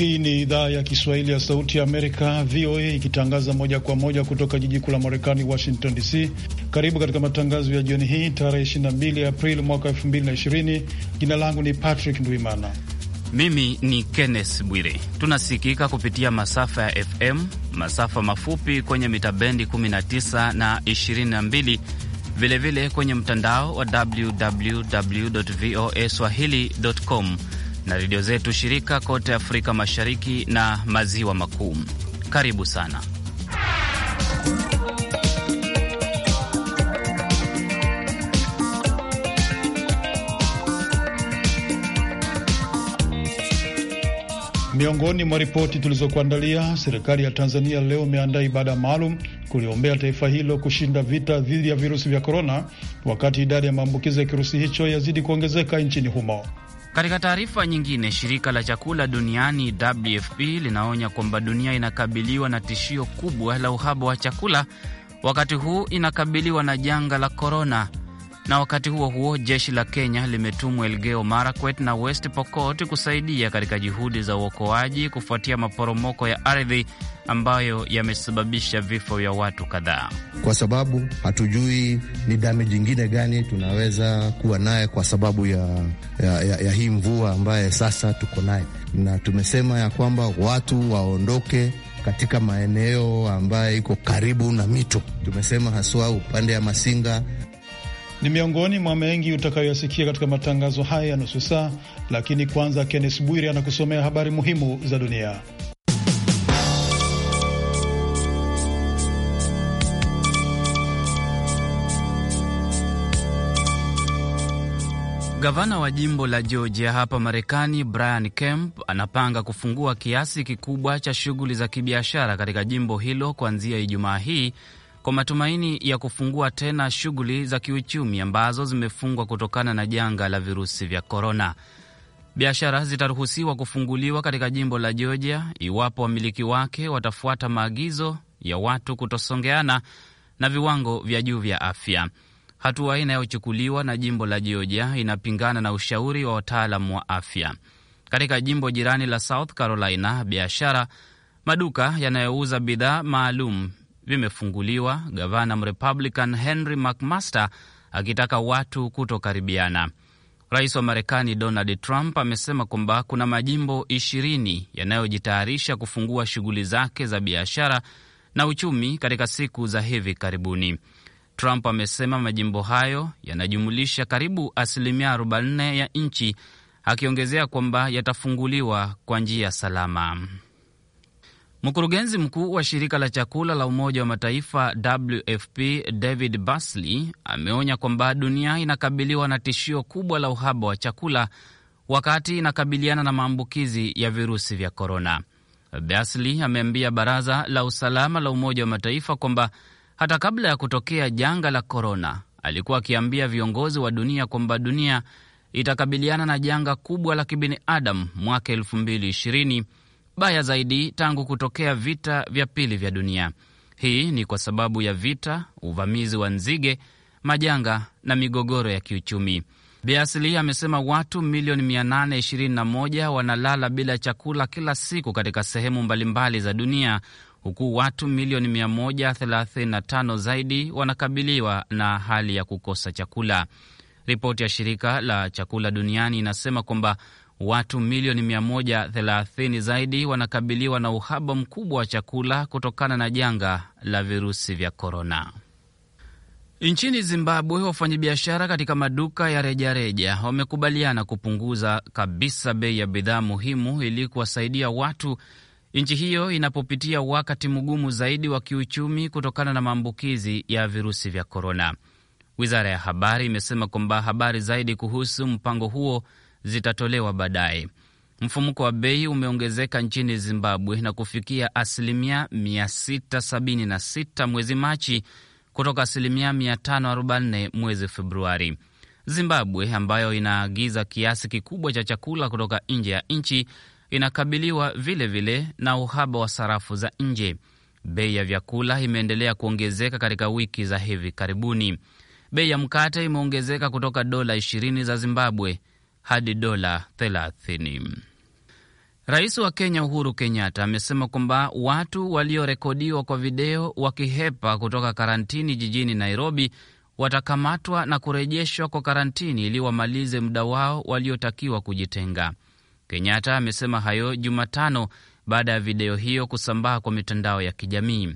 Hii ni idhaa ya Kiswahili ya Sauti ya Amerika, VOA, ikitangaza moja kwa moja kutoka jiji kuu la Marekani, Washington DC. Karibu katika matangazo ya jioni hii tarehe 22 Aprili mwaka 2020. Jina langu ni Patrick Ndwimana. Mimi ni Kenneth Bwire. Tunasikika kupitia masafa ya FM, masafa mafupi kwenye mitabendi 19 na 22, vilevile kwenye mtandao wa www voa swahili.com na redio zetu shirika kote Afrika Mashariki na Maziwa Makuu. Karibu sana. Miongoni mwa ripoti tulizokuandalia, serikali ya Tanzania leo imeandaa ibada maalum kuliombea taifa hilo kushinda vita dhidi ya virusi vya korona, wakati idadi ya maambukizi ya kirusi hicho yazidi kuongezeka nchini humo. Katika taarifa nyingine, shirika la chakula duniani WFP linaonya kwamba dunia inakabiliwa na tishio kubwa la uhaba wa chakula, wakati huu inakabiliwa na janga la korona. Na wakati huo huo, jeshi la Kenya limetumwa Elgeyo Marakwet na West Pokot kusaidia katika juhudi za uokoaji kufuatia maporomoko ya ardhi ambayo yamesababisha vifo vya watu kadhaa, kwa sababu hatujui ni damage ingine gani tunaweza kuwa naye kwa sababu ya, ya, ya, ya hii mvua ambaye sasa tuko naye, na tumesema ya kwamba watu waondoke katika maeneo ambayo iko karibu na mito. Tumesema haswa upande ya Masinga ni miongoni mwa mengi utakayoyasikia katika matangazo haya ya nusu saa, lakini kwanza, Kennes Bwire anakusomea habari muhimu za dunia. Gavana wa jimbo la Georgia hapa Marekani, Brian Kemp, anapanga kufungua kiasi kikubwa cha shughuli za kibiashara katika jimbo hilo kuanzia Ijumaa hii kwa matumaini ya kufungua tena shughuli za kiuchumi ambazo zimefungwa kutokana na janga la virusi vya korona. Biashara zitaruhusiwa kufunguliwa katika jimbo la Georgia iwapo wamiliki wake watafuata maagizo ya watu kutosongeana na viwango vya juu vya afya. Hatua inayochukuliwa na jimbo la Georgia inapingana na ushauri wa wataalam wa afya. Katika jimbo jirani la South Carolina, biashara maduka yanayouza bidhaa maalum vimefunguliwa, gavana Mrepublican Henry McMaster akitaka watu kutokaribiana. Rais wa Marekani Donald Trump amesema kwamba kuna majimbo ishirini yanayojitayarisha kufungua shughuli zake za biashara na uchumi katika siku za hivi karibuni. Trump amesema majimbo hayo yanajumulisha karibu asilimia 44 ya nchi, akiongezea kwamba yatafunguliwa kwa njia salama. Mkurugenzi mkuu wa shirika la chakula la Umoja wa Mataifa WFP David basly ameonya kwamba dunia inakabiliwa na tishio kubwa la uhaba wa chakula wakati inakabiliana na maambukizi ya virusi vya korona. basly ameambia Baraza la Usalama la Umoja wa Mataifa kwamba hata kabla ya kutokea janga la korona, alikuwa akiambia viongozi wa dunia kwamba dunia itakabiliana na janga kubwa la kibinadamu mwaka 2020, baya zaidi tangu kutokea vita vya pili vya dunia. Hii ni kwa sababu ya vita, uvamizi wa nzige, majanga na migogoro ya kiuchumi. beasli amesema watu milioni 821 wanalala bila chakula kila siku katika sehemu mbalimbali za dunia, huku watu milioni 135 zaidi wanakabiliwa na hali ya kukosa chakula. Ripoti ya shirika la chakula duniani inasema kwamba watu milioni 130 zaidi wanakabiliwa na uhaba mkubwa wa chakula kutokana na janga la virusi vya korona. Nchini Zimbabwe, wafanyabiashara katika maduka ya rejareja wamekubaliana kupunguza kabisa bei ya bidhaa muhimu ili kuwasaidia watu nchi hiyo inapopitia wakati mgumu zaidi wa kiuchumi kutokana na maambukizi ya virusi vya korona. Wizara ya habari imesema kwamba habari zaidi kuhusu mpango huo zitatolewa baadaye. Mfumuko wa bei umeongezeka nchini Zimbabwe na kufikia asilimia 676 mwezi Machi kutoka asilimia 544 mwezi Februari. Zimbabwe ambayo inaagiza kiasi kikubwa cha chakula kutoka nje ya nchi inakabiliwa vilevile vile na uhaba wa sarafu za nje. Bei ya vyakula imeendelea kuongezeka katika wiki za hivi karibuni. Bei ya mkate imeongezeka kutoka dola 20 za Zimbabwe hadi dola 30. Rais wa Kenya Uhuru Kenyatta amesema kwamba watu waliorekodiwa kwa video wakihepa kutoka karantini jijini Nairobi watakamatwa na kurejeshwa kwa karantini ili wamalize muda wao waliotakiwa kujitenga. Kenyatta amesema hayo Jumatano baada ya video hiyo kusambaa kwa mitandao ya kijamii.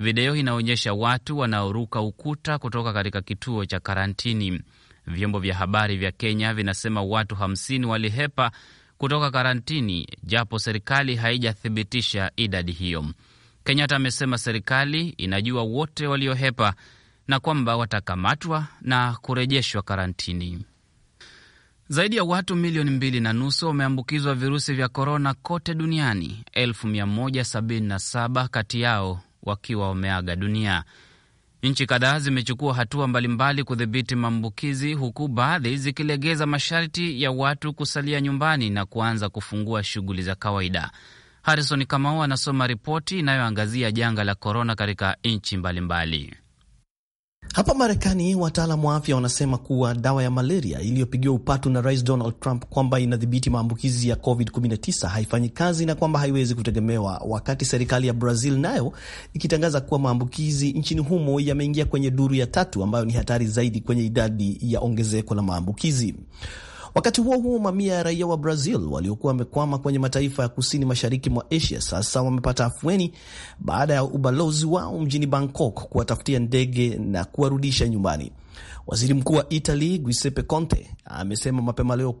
Video inaonyesha watu wanaoruka ukuta kutoka katika kituo cha karantini. Vyombo vya habari vya Kenya vinasema watu 50 walihepa kutoka karantini, japo serikali haijathibitisha idadi hiyo. Kenyatta amesema serikali inajua wote waliohepa na kwamba watakamatwa na kurejeshwa karantini. Zaidi ya watu milioni mbili na nusu wameambukizwa virusi vya korona kote duniani, 177 kati yao wakiwa wameaga dunia. Nchi kadhaa zimechukua hatua mbalimbali kudhibiti maambukizi, huku baadhi zikilegeza masharti ya watu kusalia nyumbani na kuanza kufungua shughuli za kawaida. harison Kamau anasoma ripoti inayoangazia janga la korona katika nchi mbalimbali. Hapa Marekani, wataalamu wa afya wanasema kuwa dawa ya malaria iliyopigiwa upatu na Rais Donald Trump kwamba inadhibiti maambukizi ya COVID-19 haifanyi kazi na kwamba haiwezi kutegemewa, wakati serikali ya Brazil nayo ikitangaza kuwa maambukizi nchini humo yameingia kwenye duru ya tatu ambayo ni hatari zaidi kwenye idadi ya ongezeko la maambukizi. Wakati huo huo, mamia ya raia wa Brazil waliokuwa wamekwama kwenye mataifa ya kusini mashariki mwa Asia sasa wamepata afueni baada ya ubalozi wao mjini Bangkok kuwatafutia ndege na kuwarudisha nyumbani. Waziri Mkuu wa Italy Giuseppe Conte amesema mapema leo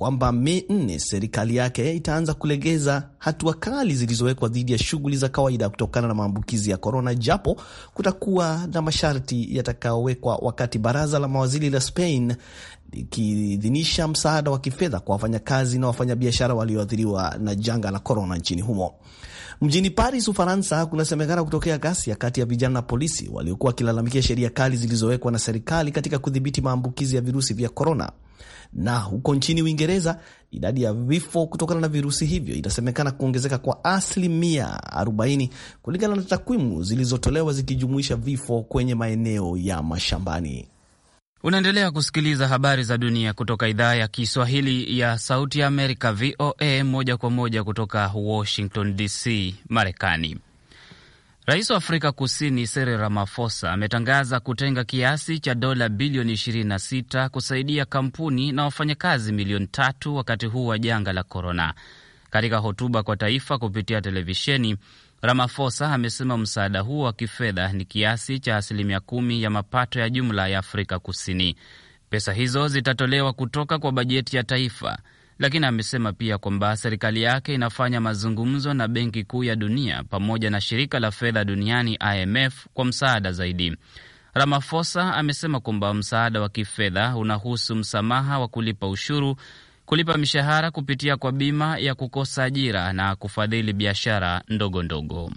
kwamba Mei nne serikali yake itaanza kulegeza hatua kali zilizowekwa dhidi ya shughuli za kawaida kutokana na maambukizi ya korona, japo kutakuwa na masharti yatakayowekwa, wakati baraza la mawaziri la Spain likiidhinisha msaada wa kifedha kwa wafanyakazi na wafanyabiashara walioathiriwa na janga la korona nchini humo. Mjini Paris, Ufaransa, kunasemekana kutokea ghasia kati ya vijana na polisi waliokuwa wakilalamikia sheria kali zilizowekwa na serikali katika kudhibiti maambukizi ya virusi vya korona na huko nchini Uingereza idadi ya vifo kutokana na virusi hivyo inasemekana kuongezeka kwa asilimia 40 kulingana na takwimu zilizotolewa zikijumuisha vifo kwenye maeneo ya mashambani. Unaendelea kusikiliza habari za dunia kutoka idhaa ya Kiswahili ya Sauti ya Amerika, VOA, moja kwa moja kutoka Washington DC, Marekani. Rais wa Afrika Kusini Cyril Ramaphosa ametangaza kutenga kiasi cha dola bilioni 26 kusaidia kampuni na wafanyakazi milioni tatu wakati huu wa janga la korona. Katika hotuba kwa taifa kupitia televisheni, Ramaphosa amesema msaada huo wa kifedha ni kiasi cha asilimia kumi ya mapato ya jumla ya Afrika Kusini. Pesa hizo zitatolewa kutoka kwa bajeti ya taifa lakini amesema pia kwamba serikali yake inafanya mazungumzo na Benki Kuu ya Dunia pamoja na Shirika la Fedha Duniani IMF kwa msaada zaidi. Ramaphosa amesema kwamba msaada wa kifedha unahusu msamaha wa kulipa ushuru, kulipa mishahara kupitia kwa bima ya kukosa ajira na kufadhili biashara ndogo ndogo.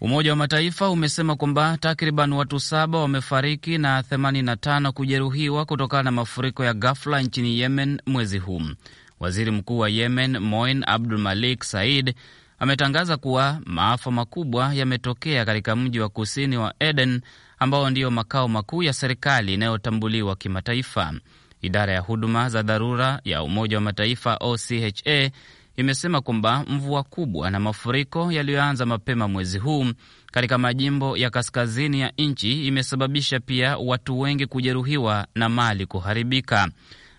Umoja wa Mataifa umesema kwamba takriban watu saba wamefariki na 85 kujeruhiwa kutokana na mafuriko ya ghafla nchini Yemen mwezi huu. Waziri mkuu wa Yemen Moin Abdul Malik Said ametangaza kuwa maafa makubwa yametokea katika mji wa kusini wa Eden ambao ndiyo makao makuu ya serikali inayotambuliwa kimataifa. Idara ya huduma za dharura ya Umoja wa Mataifa OCHA imesema kwamba mvua kubwa na mafuriko yaliyoanza mapema mwezi huu katika majimbo ya kaskazini ya nchi imesababisha pia watu wengi kujeruhiwa na mali kuharibika.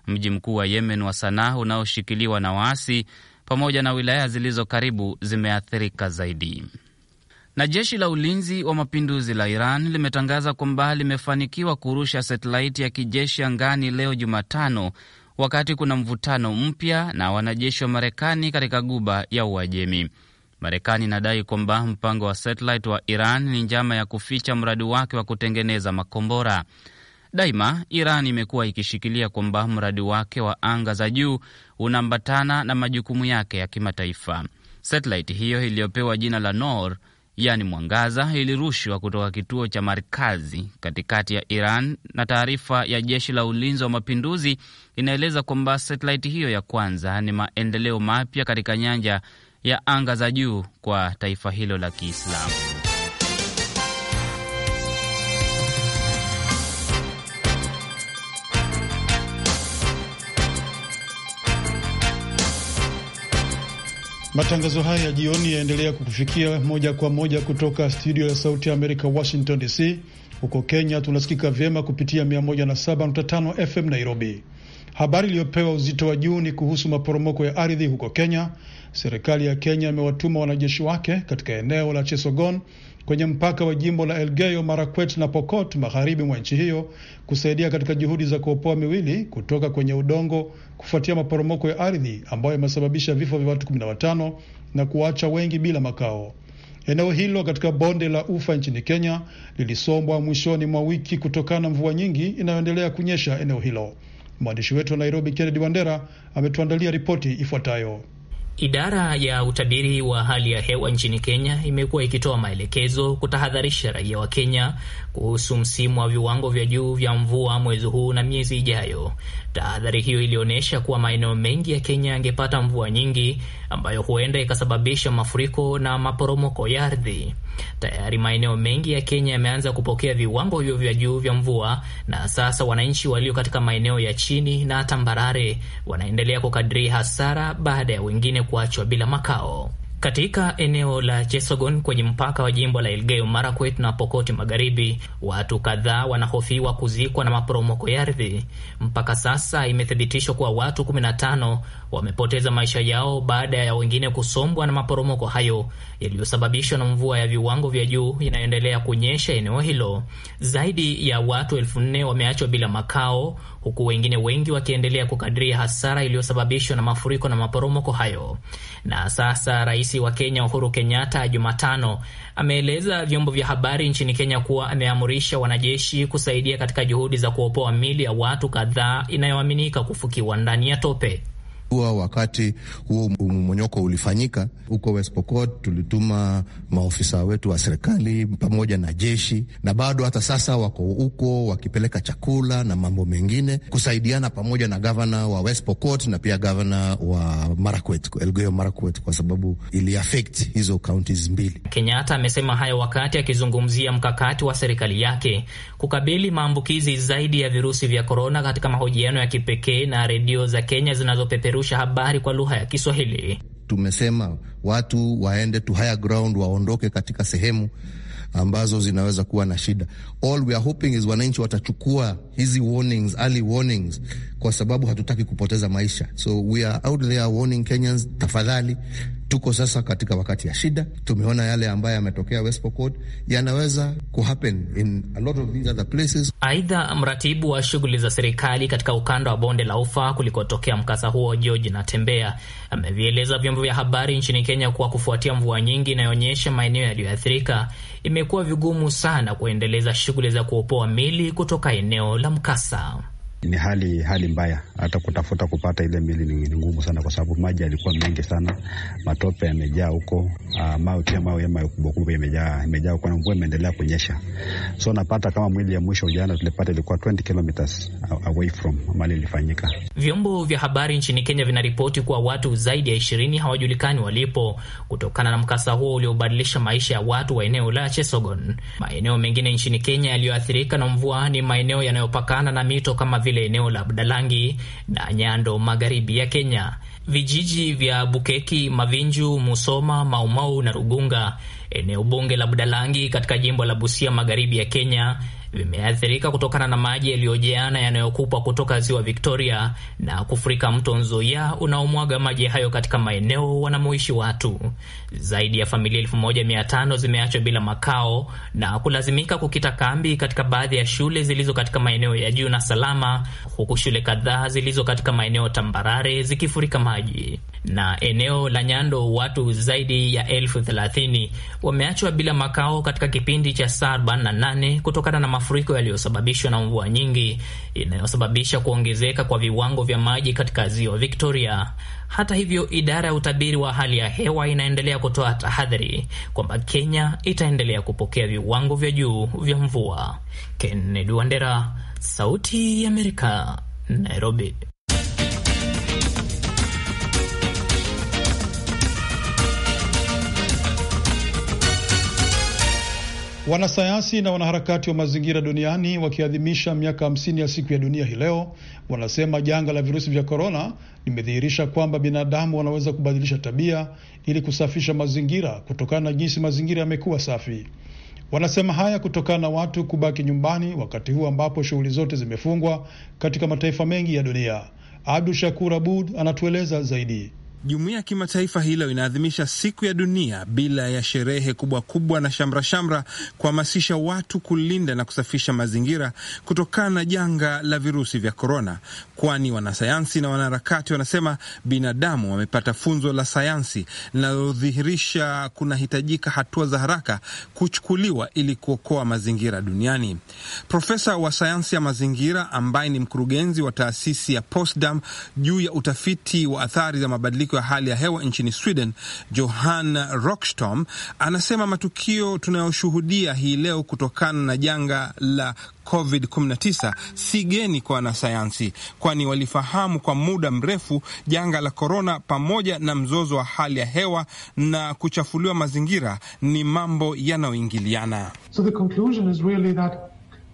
Mji mkuu wa Yemen wa Sanaa unaoshikiliwa na waasi pamoja na wilaya zilizo karibu zimeathirika zaidi. Na jeshi la ulinzi wa mapinduzi la Iran limetangaza kwamba limefanikiwa kurusha satelaiti ya kijeshi angani leo Jumatano, wakati kuna mvutano mpya na wanajeshi wa Marekani katika Guba ya Uajemi. Marekani inadai kwamba mpango wa satelaiti wa Iran ni njama ya kuficha mradi wake wa kutengeneza makombora. Daima Iran imekuwa ikishikilia kwamba mradi wake wa anga za juu unaambatana na majukumu yake ya kimataifa. Satelaiti hiyo iliyopewa jina la Nor, yani mwangaza, ilirushwa kutoka kituo cha Markazi katikati ya Iran, na taarifa ya jeshi la ulinzi wa mapinduzi inaeleza kwamba satelaiti hiyo ya kwanza ni maendeleo mapya katika nyanja ya anga za juu kwa taifa hilo la Kiislamu. Matangazo haya ya jioni yaendelea kukufikia moja kwa moja kutoka studio ya Sauti ya Amerika, Washington DC. Huko Kenya tunasikika vyema kupitia 107.5 FM Nairobi. Habari iliyopewa uzito wa juu ni kuhusu maporomoko ya ardhi huko Kenya. Serikali ya Kenya imewatuma wanajeshi wake katika eneo la Chesogon kwenye mpaka wa jimbo la Elgeyo Marakwet na Pokot magharibi mwa nchi hiyo kusaidia katika juhudi za kuopoa miwili kutoka kwenye udongo kufuatia maporomoko ya ardhi ambayo yamesababisha vifo vya watu 15 na kuwacha wengi bila makao. Eneo hilo katika bonde la Ufa nchini Kenya lilisombwa mwishoni mwa wiki kutokana na mvua nyingi inayoendelea kunyesha eneo hilo. Mwandishi wetu wa Nairobi Kennedy Wandera ametuandalia ripoti ifuatayo. Idara ya utabiri wa hali ya hewa nchini Kenya imekuwa ikitoa maelekezo kutahadharisha raia wa Kenya kuhusu msimu wa viwango vya juu vya mvua mwezi huu na miezi ijayo. Tahadhari hiyo ilionyesha kuwa maeneo mengi ya Kenya yangepata mvua nyingi ambayo huenda ikasababisha mafuriko na maporomoko ya ardhi. Tayari maeneo mengi ya Kenya yameanza kupokea viwango hivyo vya juu vya mvua, na sasa wananchi walio katika maeneo ya chini na tambarare wanaendelea kukadiria hasara baada ya wengine kuachwa bila makao. Katika eneo la Chesogon kwenye mpaka wa jimbo la Elgeyo Marakwet na Pokoti Magharibi, watu kadhaa wanahofiwa kuzikwa na maporomoko ya ardhi. Mpaka sasa imethibitishwa kuwa watu 15 wamepoteza maisha yao baada ya wengine kusombwa na maporomoko hayo yaliyosababishwa na mvua ya viwango vya juu inayoendelea kunyesha eneo hilo. Zaidi ya watu elfu nne wameachwa bila makao, huku wengine wengi wakiendelea kukadiria hasara iliyosababishwa na mafuriko na maporomoko hayo. Na sasa rais wa Kenya Uhuru Kenyatta Jumatano ameeleza vyombo vya habari nchini Kenya kuwa ameamurisha wanajeshi kusaidia katika juhudi za kuopoa mili ya watu kadhaa inayoaminika kufukiwa ndani ya tope kuwa wakati huo mmonyoko ulifanyika huko West Pokot, tulituma maofisa wetu wa serikali pamoja na jeshi, na bado hata sasa wako huko wakipeleka chakula na mambo mengine kusaidiana pamoja na gavana wa West Pokot na pia gavana wa Marakwet, Elgeyo Marakwet, kwa sababu iliafect hizo kaunti mbili. Kenyatta amesema hayo wakati akizungumzia mkakati wa serikali yake kukabili maambukizi zaidi ya virusi vya korona katika mahojiano ya kipekee na redio za Kenya zinazopeperu kupeperusha habari kwa lugha ya Kiswahili. Tumesema watu waende to higher ground, waondoke katika sehemu ambazo zinaweza kuwa na shida. All we are hoping is wananchi watachukua hizi warnings, early warnings, kwa sababu hatutaki kupoteza maisha. So we are out there warning Kenyans, tafadhali Tuko sasa katika wakati ya shida. Tumeona yale ambayo yametokea West Pokot, yanaweza kuhappen in a lot of these other places. Aidha, mratibu wa shughuli za serikali katika ukanda wa bonde la ufa kulikotokea mkasa huo, George Natembea, amevieleza vyombo vya habari nchini Kenya kuwa kufuatia mvua nyingi inayoonyesha maeneo yaliyoathirika, imekuwa vigumu sana kuendeleza shughuli za kuopoa mili kutoka eneo la mkasa. Ni hali hali mbaya, hata kutafuta kupata ile mili ni ngumu sana, kwa sababu maji yalikuwa mengi sana, matope yamejaa huko, ah, mawe pia mawe yama kubwa kubwa yamejaa yamejaa huko, na mvua imeendelea kunyesha. So napata kama mwili ya mwisho ujana tulipata ilikuwa 20 kilometers away from mali ilifanyika. Vyombo vya habari nchini Kenya vinaripoti kuwa watu zaidi ya 20 hawajulikani walipo kutokana na mkasa huo uliobadilisha maisha ya watu wa eneo la Chesogon. Maeneo mengine nchini Kenya yaliyoathirika na mvua ni maeneo yanayopakana na mito kama vile eneo la Budalangi na Nyando magharibi ya Kenya. Vijiji vya Bukeki, Mavinju, Musoma, Maumau na Rugunga, eneo bunge la Budalangi katika jimbo la Busia magharibi ya Kenya vimeathirika kutokana na maji yaliyojeana yanayokupwa kutoka ziwa Victoria na kufurika mto Nzoia unaomwaga maji hayo katika maeneo wanamoishi watu. Zaidi ya familia elfu moja mia tano zimeachwa bila makao na kulazimika kukita kambi katika baadhi ya shule zilizo katika maeneo ya juu na salama, huku shule kadhaa zilizo katika maeneo tambarare zikifurika maji. Na eneo la Nyando, watu zaidi ya elfu thelathini wameachwa bila makao katika kipindi cha saa 48 kutokana na mafuriko yaliyosababishwa na mvua nyingi inayosababisha kuongezeka kwa viwango vya maji katika ziwa Victoria. Hata hivyo, idara ya utabiri wa hali ya hewa inaendelea kutoa tahadhari kwamba Kenya itaendelea kupokea viwango vya juu vya mvua. Kennedy Wandera, Sauti ya Amerika, Nairobi. Wanasayansi na wanaharakati wa mazingira duniani wakiadhimisha miaka hamsini ya siku ya dunia hii leo, wanasema janga la virusi vya korona limedhihirisha kwamba binadamu wanaweza kubadilisha tabia ili kusafisha mazingira kutokana na jinsi mazingira yamekuwa safi. Wanasema haya kutokana na watu kubaki nyumbani wakati huu ambapo shughuli zote zimefungwa katika mataifa mengi ya dunia. Abdu Shakur Abud anatueleza zaidi. Jumuiya ya kimataifa hilo inaadhimisha siku ya dunia bila ya sherehe kubwa kubwa na shamra shamra, kuhamasisha watu kulinda na kusafisha mazingira kutokana na janga la virusi vya korona, kwani wanasayansi na wanaharakati wanasema binadamu wamepata funzo la sayansi linalodhihirisha kunahitajika hatua za haraka kuchukuliwa ili kuokoa mazingira duniani. Profesa wa sayansi ya mazingira ambaye ni mkurugenzi wa taasisi ya Potsdam juu ya utafiti wa athari za mabadiliko mabadiliko ya hali ya hewa nchini Sweden Johan Rockstrom anasema matukio tunayoshuhudia hii leo kutokana na janga la COVID-19 si geni kwa wanasayansi, kwani walifahamu kwa muda mrefu janga la korona pamoja na mzozo wa hali ya hewa na kuchafuliwa mazingira ni mambo yanayoingiliana. so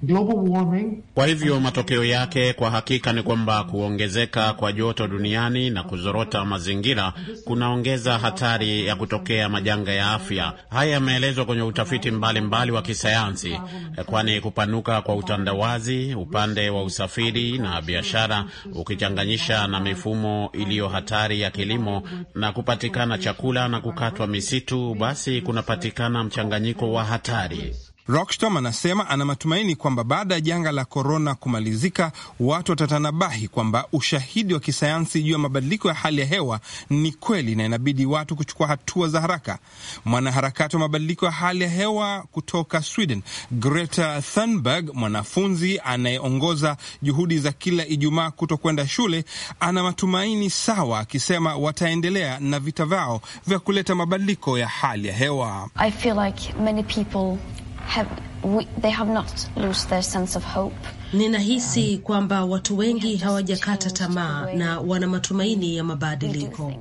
global warming. Kwa hivyo matokeo yake kwa hakika ni kwamba kuongezeka kwa joto duniani na kuzorota mazingira kunaongeza hatari ya kutokea majanga ya afya. Haya yameelezwa kwenye utafiti mbalimbali mbali wa kisayansi, kwani kupanuka kwa utandawazi upande wa usafiri na biashara, ukichanganyisha na mifumo iliyo hatari ya kilimo na kupatikana chakula na kukatwa misitu, basi kunapatikana mchanganyiko wa hatari. Rockstrom anasema ana matumaini kwamba baada ya janga la korona kumalizika, watu watatanabahi kwamba ushahidi wa kisayansi juu ya mabadiliko ya hali ya hewa ni kweli na inabidi watu kuchukua hatua za haraka. Mwanaharakati wa mabadiliko ya hali ya hewa kutoka Sweden, Greta Thunberg, mwanafunzi anayeongoza juhudi za kila Ijumaa kuto kwenda shule, ana matumaini sawa, akisema wataendelea na vita vyao vya kuleta mabadiliko ya hali ya hewa. I feel like many people have, we, they have not lost their sense of hope. Ninahisi kwamba watu wengi hawajakata tamaa na wana matumaini ya mabadiliko.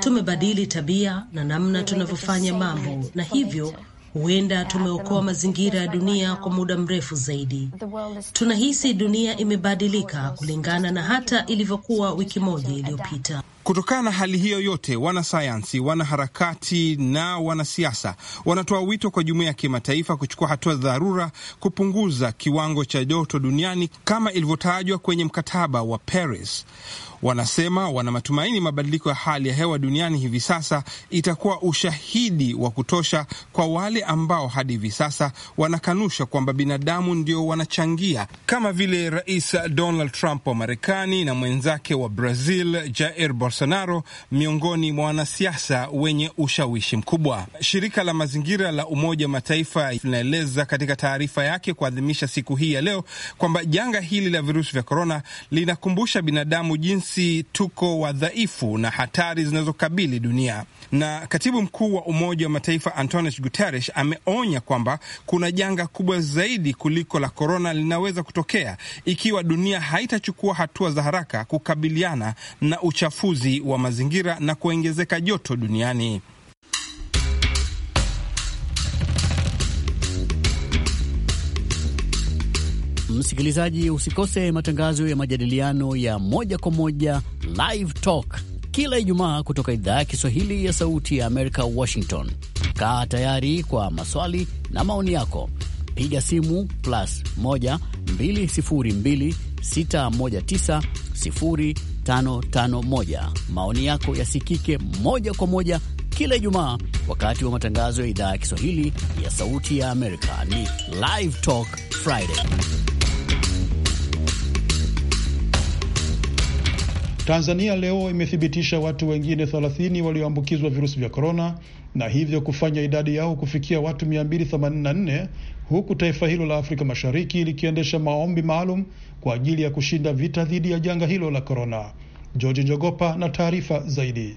Tumebadili tabia na namna tunavyofanya mambo na hivyo huenda tumeokoa mazingira ya dunia kwa muda mrefu zaidi. Tunahisi dunia imebadilika kulingana na hata ilivyokuwa wiki moja iliyopita. Kutokana na hali hiyo yote, wanasayansi, wanaharakati na wanasiasa wanatoa wito kwa jumuiya ya kimataifa kuchukua hatua za dharura kupunguza kiwango cha joto duniani kama ilivyotajwa kwenye mkataba wa Paris. Wanasema wana matumaini mabadiliko ya hali ya hewa duniani hivi sasa itakuwa ushahidi wa kutosha kwa wale ambao hadi hivi sasa wanakanusha kwamba binadamu ndio wanachangia, kama vile Rais Donald Trump wa Marekani na mwenzake wa Brazil Jair Bolsonaro Bolsonaro miongoni mwa wanasiasa wenye ushawishi mkubwa. Shirika la mazingira la Umoja wa Mataifa linaeleza katika taarifa yake kuadhimisha siku hii ya leo kwamba janga hili la virusi vya korona linakumbusha binadamu jinsi tuko wadhaifu na hatari zinazokabili dunia. Na katibu mkuu wa Umoja wa Mataifa Antonio Guterres ameonya kwamba kuna janga kubwa zaidi kuliko la korona linaweza kutokea ikiwa dunia haitachukua hatua za haraka kukabiliana na uchafuzi uchafuzi wa mazingira na kuongezeka joto duniani. Msikilizaji, usikose matangazo ya majadiliano ya moja kwa moja Live Talk kila Ijumaa kutoka idhaa ya Kiswahili ya Sauti ya Amerika, Washington. Kaa tayari kwa maswali na maoni yako, piga simu plus 1 202 619 551. Maoni yako yasikike moja kwa moja kila Ijumaa wakati wa matangazo ya idhaa ya Kiswahili ya Sauti ya Amerika. Ni Live Talk Friday. Tanzania leo imethibitisha watu wengine 30 walioambukizwa virusi vya korona na hivyo kufanya idadi yao kufikia watu 284 huku taifa hilo la Afrika Mashariki likiendesha maombi maalum kwa ajili ya kushinda vita dhidi ya janga hilo la korona. George Njogopa na taarifa zaidi.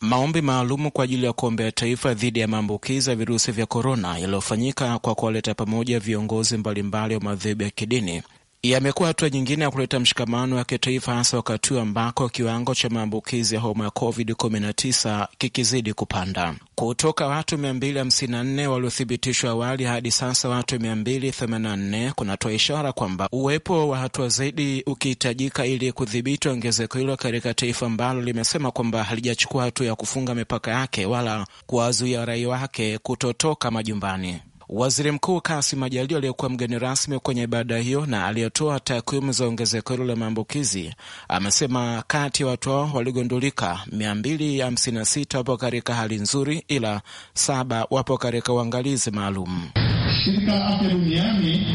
Maombi maalumu kwa ajili ya kuombea taifa dhidi ya maambukizi ya virusi vya korona yaliyofanyika kwa kuwaleta pamoja viongozi mbalimbali wa madhehebu ya kidini yamekuwa hatua nyingine ya kuleta mshikamano wa kitaifa, hasa wakati huu ambako kiwango cha maambukizi ya homa ya COVID-19 kikizidi kupanda kutoka watu 254 waliothibitishwa awali hadi sasa watu 284, kunatoa ishara kwamba uwepo wa hatua zaidi ukihitajika ili kudhibiti ongezeko hilo katika taifa ambalo limesema kwamba halijachukua hatua ya kufunga mipaka yake wala kuwazuia raia wake kutotoka majumbani. Waziri Mkuu Kassim Majaliwa aliyekuwa mgeni rasmi kwenye ibada hiyo na aliyetoa takwimu za ongezeko hilo la maambukizi amesema kati ya watu hao waligundulika 256 wapo katika hali nzuri, ila saba wapo katika uangalizi maalum. Shirika la Afya Duniani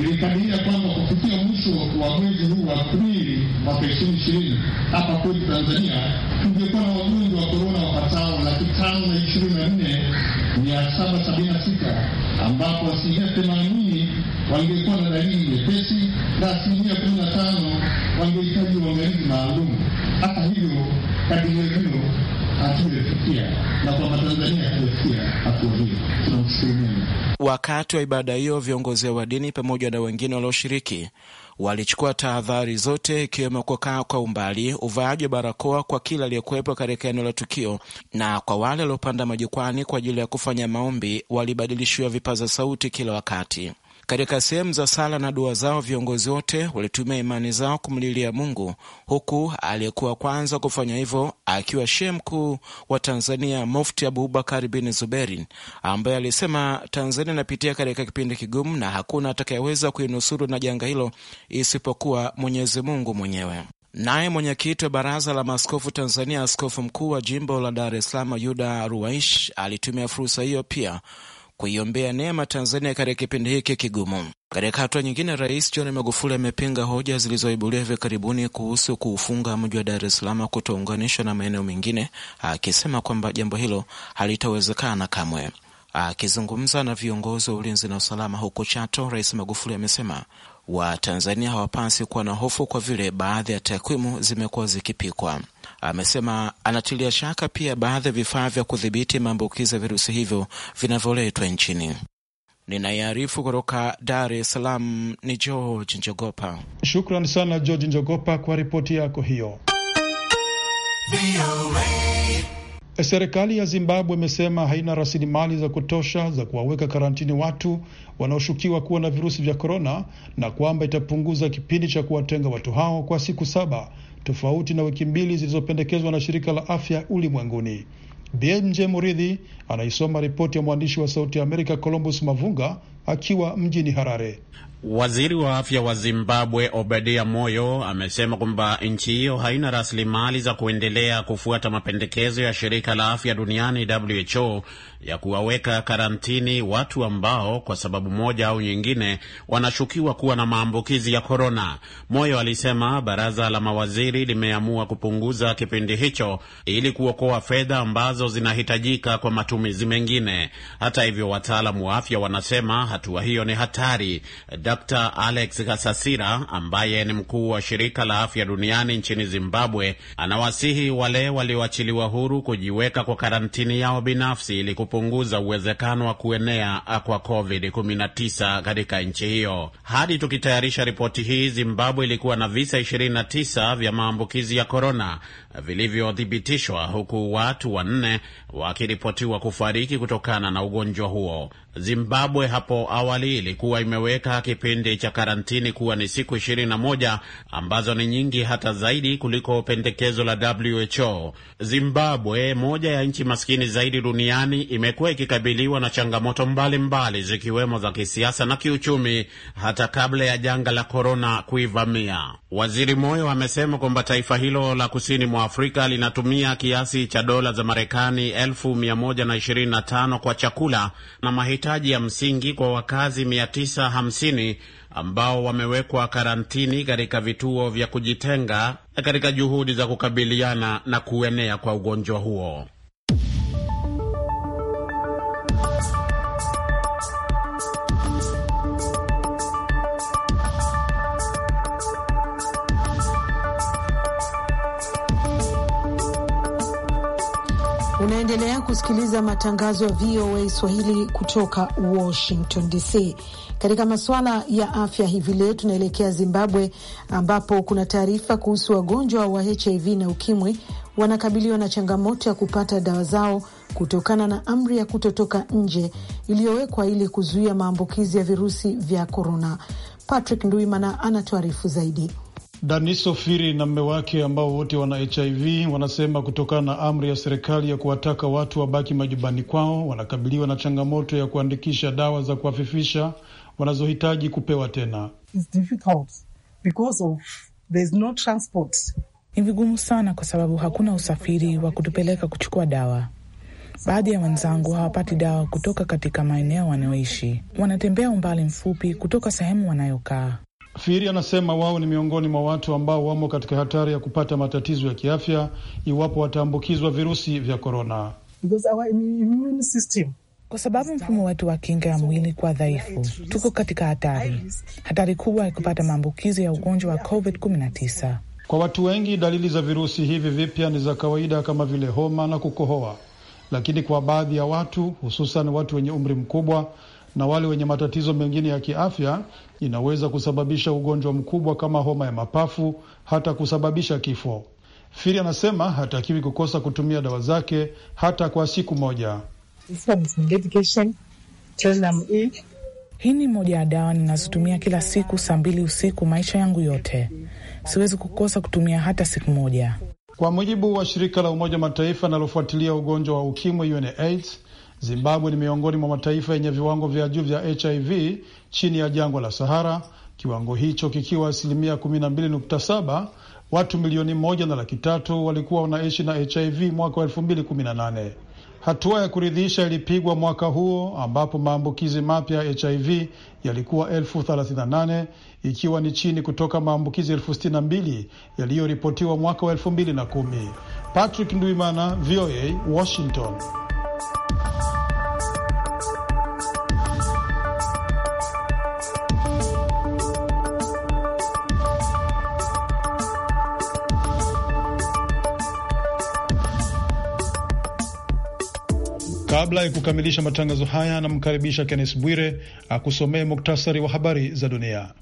ilikadiria kwamba kufikia mwisho wa mwezi huu wa Aprili mwaka ishirini ishirini hapa kwetu Tanzania tungekuwa na wagonjwa wa korona wapatao laki tano na ishirini na nne 776 ambapo asilimia themanini wangekuwa na dalili nyepesi na asilimia tano wangehitaji uangalizi maalum. Hata hivyo, kadirio hilo hatujafikia na kwamba Tanzania hatujafikia hatua hiyo. Tunamshukuru Mungu. Wakati wa ibada hiyo, viongozi wa dini pamoja na wengine walioshiriki walichukua tahadhari zote ikiwemo kukaa kwa umbali, uvaaji wa barakoa kwa kila aliyekuwepo katika eneo la tukio, na kwa wale waliopanda majukwani kwa ajili ya kufanya maombi walibadilishiwa vipaza sauti kila wakati. Katika sehemu za sala na dua zao, viongozi wote walitumia imani zao kumlilia Mungu, huku aliyekuwa kwanza kufanya hivyo akiwa shehe mkuu wa Tanzania, Mufti abubakari bin Zuberi, ambaye alisema Tanzania inapitia katika kipindi kigumu na hakuna atakayeweza kuinusuru na janga hilo isipokuwa Mwenyezi Mungu mwenyewe. Naye mwenyekiti wa Baraza la Maaskofu Tanzania, askofu mkuu wa jimbo la Dar es Salaam Yuda Ruwaish alitumia fursa hiyo pia kuiombea neema Tanzania katika kipindi hiki kigumu. Katika hatua nyingine, Rais John Magufuli amepinga hoja zilizoibuliwa hivi karibuni kuhusu kuufunga mji wa Dar es Salaam kutounganishwa na maeneo mengine, akisema kwamba jambo hilo halitawezekana kamwe. Akizungumza na viongozi wa ulinzi na usalama huko Chato, Rais Magufuli amesema Watanzania hawapasi kuwa na hofu kwa vile baadhi ya takwimu zimekuwa zikipikwa amesema anatilia shaka pia baadhi ya vifaa vya kudhibiti maambukizi ya virusi hivyo vinavyoletwa nchini. Ninayearifu kutoka Dar es Salaam ni George Njogopa. Shukran sana George Njogopa kwa ripoti yako hiyo. Serikali ya Zimbabwe imesema haina rasilimali za kutosha za kuwaweka karantini watu wanaoshukiwa kuwa na virusi vya korona na kwamba itapunguza kipindi cha kuwatenga watu hao kwa siku saba tofauti na wiki mbili zilizopendekezwa na shirika la afya ulimwenguni. BMJ Muridhi anaisoma ripoti ya mwandishi wa Sauti ya Amerika Columbus Mavunga akiwa mjini Harare. Waziri wa afya wa Zimbabwe Obedia Moyo amesema kwamba nchi hiyo haina rasilimali za kuendelea kufuata mapendekezo ya shirika la afya duniani WHO ya kuwaweka karantini watu ambao kwa sababu moja au nyingine wanashukiwa kuwa na maambukizi ya korona. Moyo alisema baraza la mawaziri limeamua kupunguza kipindi hicho ili kuokoa fedha ambazo zinahitajika kwa matumizi matumizi mengine. Hata hivyo, wataalamu wa afya wanasema hatua hiyo ni hatari. Dr Alex Gasasira ambaye ni mkuu wa shirika la afya duniani nchini Zimbabwe anawasihi wale walioachiliwa huru kujiweka kwa karantini yao binafsi ili kupunguza uwezekano wa kuenea kwa COVID-19 katika nchi hiyo. Hadi tukitayarisha ripoti hii, Zimbabwe ilikuwa na visa 29 vya maambukizi ya korona vilivyothibitishwa huku watu wanne wakiripotiwa kufariki kutokana na ugonjwa huo. Zimbabwe hapo awali ilikuwa imeweka kipindi cha karantini kuwa ni siku 21 ambazo ni nyingi hata zaidi kuliko pendekezo la WHO. Zimbabwe, moja ya nchi maskini zaidi duniani, imekuwa ikikabiliwa na changamoto mbalimbali zikiwemo za kisiasa na kiuchumi hata kabla ya janga la korona kuivamia. Waziri Moyo amesema kwamba taifa hilo la kusini mwa Afrika linatumia kiasi cha dola za Marekani elfu mia moja na 25 kwa chakula na mahitaji ya msingi kwa wakazi 950 ambao wamewekwa karantini katika vituo vya kujitenga katika juhudi za kukabiliana na kuenea kwa ugonjwa huo. Unaendelea kusikiliza matangazo ya VOA Swahili kutoka Washington DC. Katika masuala ya afya hivi leo tunaelekea Zimbabwe, ambapo kuna taarifa kuhusu wagonjwa wa HIV na ukimwi wanakabiliwa na changamoto ya kupata dawa zao kutokana na amri ya kutotoka nje iliyowekwa ili kuzuia maambukizi ya virusi vya korona. Patrick Nduimana anatuarifu zaidi. Daniso Firi na mme wake ambao wote wana HIV wanasema kutokana na amri ya serikali ya kuwataka watu wabaki majumbani kwao, wanakabiliwa na changamoto ya kuandikisha dawa za kuafifisha wanazohitaji kupewa tena. Ni vigumu sana kwa sababu hakuna usafiri wa kutupeleka kuchukua dawa. Baadhi ya wenzangu hawapati dawa kutoka katika maeneo wanayoishi, wanatembea umbali mfupi kutoka sehemu wanayokaa. Firi anasema wao ni miongoni mwa watu ambao wamo katika hatari ya kupata matatizo ya kiafya iwapo wataambukizwa virusi vya korona, kwa sababu mfumo wetu wa kinga ya mwili kwa dhaifu. Tuko katika hatari hatari kubwa ya kupata maambukizi ya ugonjwa wa COVID-19. Kwa watu wengi, dalili za virusi hivi vipya ni za kawaida kama vile homa na kukohoa, lakini kwa baadhi ya watu, hususan watu wenye umri mkubwa na wale wenye matatizo mengine ya kiafya, inaweza kusababisha ugonjwa mkubwa kama homa ya mapafu, hata kusababisha kifo. Firi anasema hatakiwi kukosa kutumia dawa zake hata kwa siku moja. Eh, hii ni moja ya dawa ninazotumia kila siku saa mbili usiku maisha yangu yote, siwezi kukosa kutumia hata siku moja. Kwa mujibu wa shirika la Umoja Mataifa linalofuatilia ugonjwa wa ukimwi UNAIDS, Zimbabwe ni miongoni mwa mataifa yenye viwango vya juu vya HIV chini ya jangwa la Sahara, kiwango hicho kikiwa asilimia 12.7. Watu milioni moja na laki tatu walikuwa wanaishi na HIV mwaka wa 2018. Hatua ya kuridhisha ilipigwa mwaka huo ambapo maambukizi mapya ya HIV yalikuwa elfu ikiwa ni chini kutoka maambukizi elfu yaliyoripotiwa mwaka wa elfu Patrick Ndwimana, VOA, Washington. Kabla ya kukamilisha matangazo haya, namkaribisha Kennes Bwire akusomee muktasari wa habari za dunia.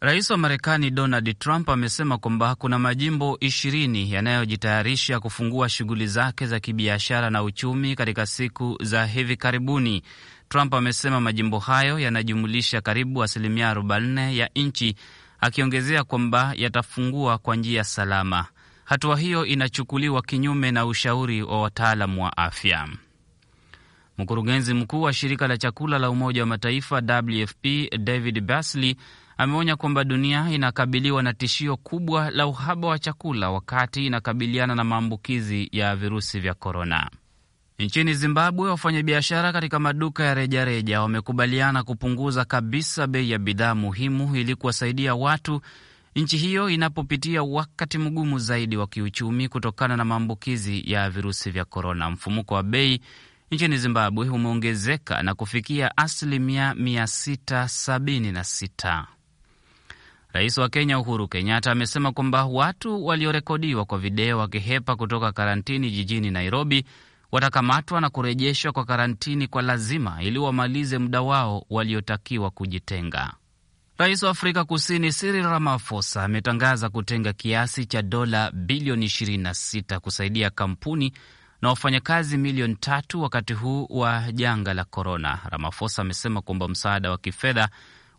Rais wa Marekani Donald Trump amesema kwamba kuna majimbo ishirini yanayojitayarisha kufungua shughuli zake za kibiashara na uchumi katika siku za hivi karibuni. Trump amesema majimbo hayo yanajumulisha karibu asilimia 40 ya nchi akiongezea kwamba yatafungua kwa njia salama. Hatua hiyo inachukuliwa kinyume na ushauri wa wataalam wa afya. Mkurugenzi mkuu wa shirika la chakula la Umoja wa Mataifa WFP David Beasley ameonya kwamba dunia inakabiliwa na tishio kubwa la uhaba wa chakula wakati inakabiliana na maambukizi ya virusi vya korona. Nchini Zimbabwe, wafanyabiashara katika maduka ya rejareja wamekubaliana kupunguza kabisa bei ya bidhaa muhimu ili kuwasaidia watu nchi hiyo inapopitia wakati mgumu zaidi wa kiuchumi kutokana na maambukizi ya virusi vya korona. Mfumuko wa bei nchini Zimbabwe umeongezeka na kufikia asilimia 676. Rais wa Kenya Uhuru Kenyatta amesema kwamba watu waliorekodiwa kwa video wakihepa kutoka karantini jijini Nairobi watakamatwa na kurejeshwa kwa karantini kwa lazima ili wamalize muda wao waliotakiwa kujitenga. Rais wa Afrika Kusini Cyril Ramaphosa ametangaza kutenga kiasi cha dola bilioni 26 kusaidia kampuni na wafanyakazi milioni tatu wakati huu wa janga la korona. Ramaphosa amesema kwamba msaada wa kifedha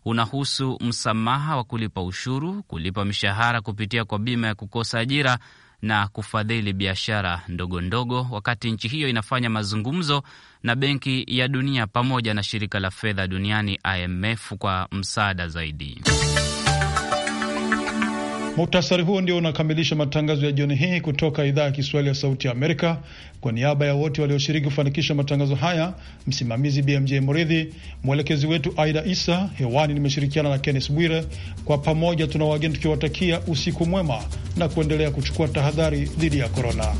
unahusu msamaha wa kulipa ushuru, kulipa mishahara kupitia kwa bima ya kukosa ajira na kufadhili biashara ndogo ndogo, wakati nchi hiyo inafanya mazungumzo na Benki ya Dunia pamoja na shirika la fedha duniani IMF kwa msaada zaidi. Muktasari huo ndio unakamilisha matangazo ya jioni hii kutoka idhaa ya Kiswahili ya Sauti ya Amerika. Kwa niaba ya wote walioshiriki kufanikisha matangazo haya, msimamizi BMJ Mridhi, mwelekezi wetu Aida Isa. Hewani nimeshirikiana na Kennes Bwire. Kwa pamoja, tuna wageni tukiwatakia usiku mwema na kuendelea kuchukua tahadhari dhidi ya korona.